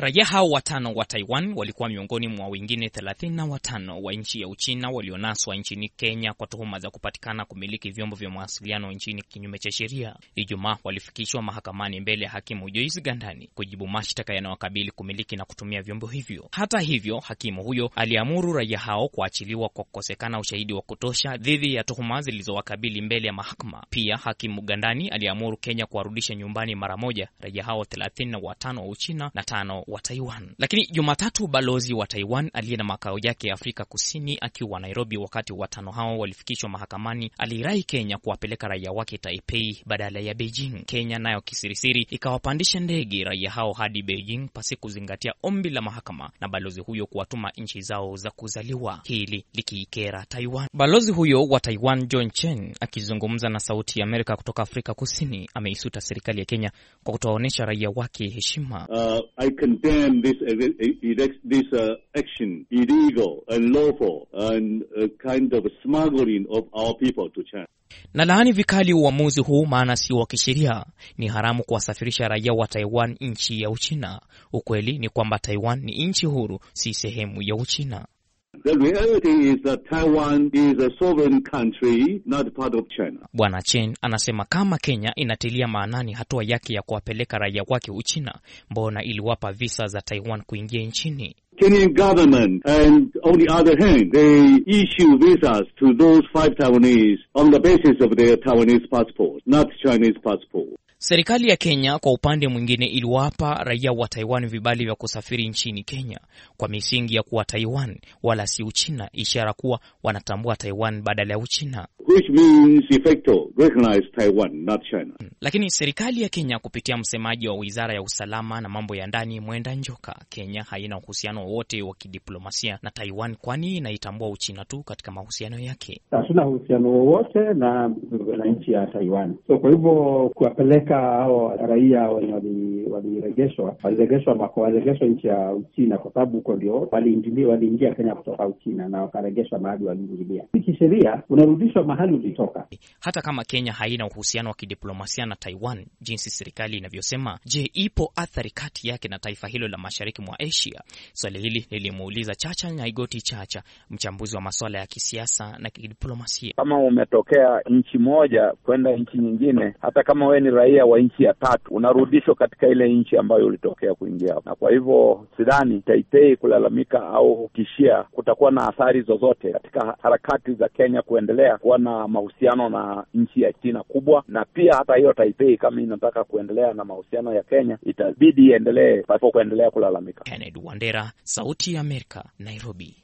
Raia hao watano wa Taiwan walikuwa miongoni mwa wengine 35 watano wa nchi ya Uchina walionaswa nchini Kenya kwa tuhuma za kupatikana kumiliki vyombo vya mawasiliano nchini kinyume cha sheria. Ijumaa walifikishwa mahakamani mbele ya hakimu Joyce Gandani kujibu mashtaka yanayowakabili kumiliki na kutumia vyombo hivyo. Hata hivyo, hakimu huyo aliamuru raia hao kuachiliwa kwa kukosekana ushahidi wa kutosha dhidi ya tuhuma zilizowakabili mbele ya mahakama. Pia hakimu Gandani aliamuru Kenya kuwarudisha nyumbani mara moja raia hao 35 wa Uchina na tano wa Taiwan. Lakini Jumatatu, balozi wa Taiwan aliye na makao yake ya Afrika Kusini akiwa Nairobi, wakati watano hao walifikishwa mahakamani, alirai Kenya kuwapeleka raia wake Taipei badala ya Beijing. Kenya nayo kisirisiri ikawapandisha ndege raia hao hadi Beijing pasi kuzingatia ombi la mahakama na balozi huyo kuwatuma nchi zao za kuzaliwa, hili likiikera Taiwan. Balozi huyo wa Taiwan John Chen akizungumza na Sauti ya Amerika kutoka Afrika Kusini ameisuta serikali ya Kenya kwa kutoaonyesha raia wake heshima. Uh, I can condemn this e- this uh, action, illegal, and lawful and a kind of smuggling of our people to China. Na laani vikali uamuzi huu, maana si wa kisheria. Ni haramu kuwasafirisha raia wa Taiwan nchi ya Uchina. Ukweli ni kwamba Taiwan ni nchi huru, si sehemu ya Uchina. The reality is that Taiwan is a sovereign country, not part of China. Bwana Chen anasema kama Kenya inatilia maanani hatua yake ya kuwapeleka raia wake Uchina, mbona iliwapa visa za Taiwan kuingia nchini? Kenyan government and on the other hand, they issue visas to those five Taiwanese on the basis of their Taiwanese passport, not Chinese passport. Serikali ya Kenya kwa upande mwingine iliwapa raia wa Taiwan vibali vya kusafiri nchini Kenya kwa misingi ya kuwa Taiwan wala si Uchina, ishara kuwa wanatambua Taiwan badala ya Uchina. Which means effecto recognize Taiwan not China. Hmm. Lakini serikali ya Kenya kupitia msemaji wa Wizara ya Usalama na Mambo ya Ndani Mwenda Njoka, Kenya haina uhusiano wowote wa kidiplomasia na Taiwan kwani inaitambua Uchina tu katika mahusiano yake. Hatuna uhusiano wowote na, na nchi ya Taiwan. So kwa hivyo kuwapeleka kuwaweka hao raia wenye wali walirejeshwa walirejeshwa walirejeshwa nchi ya Uchina kwa sababu huko ndio waliingilia waliingia Kenya kutoka Uchina na wakarejeshwa mahali waliingilia. Kisheria unarudishwa mahali ulitoka. Hata kama Kenya haina uhusiano wa kidiplomasia na Taiwan jinsi serikali inavyosema, je, ipo athari kati yake na taifa hilo la mashariki mwa Asia? Swali hili lilimuuliza Chacha Nyaigoti Chacha, mchambuzi wa masuala ya kisiasa na kidiplomasia. Kama umetokea nchi moja kwenda nchi nyingine, hata kama wewe ni raia wa nchi ya tatu, unarudishwa katika ile nchi ambayo ulitokea kuingia, na kwa hivyo sidhani Taipei kulalamika au kishia kutakuwa na athari zozote katika harakati za Kenya kuendelea kuwa na mahusiano na nchi ya China kubwa. Na pia hata hiyo Taipei kama inataka kuendelea na mahusiano ya Kenya itabidi iendelee pasipo kuendelea kulalamika. Kennedy Wandera, Sauti ya Amerika, Nairobi.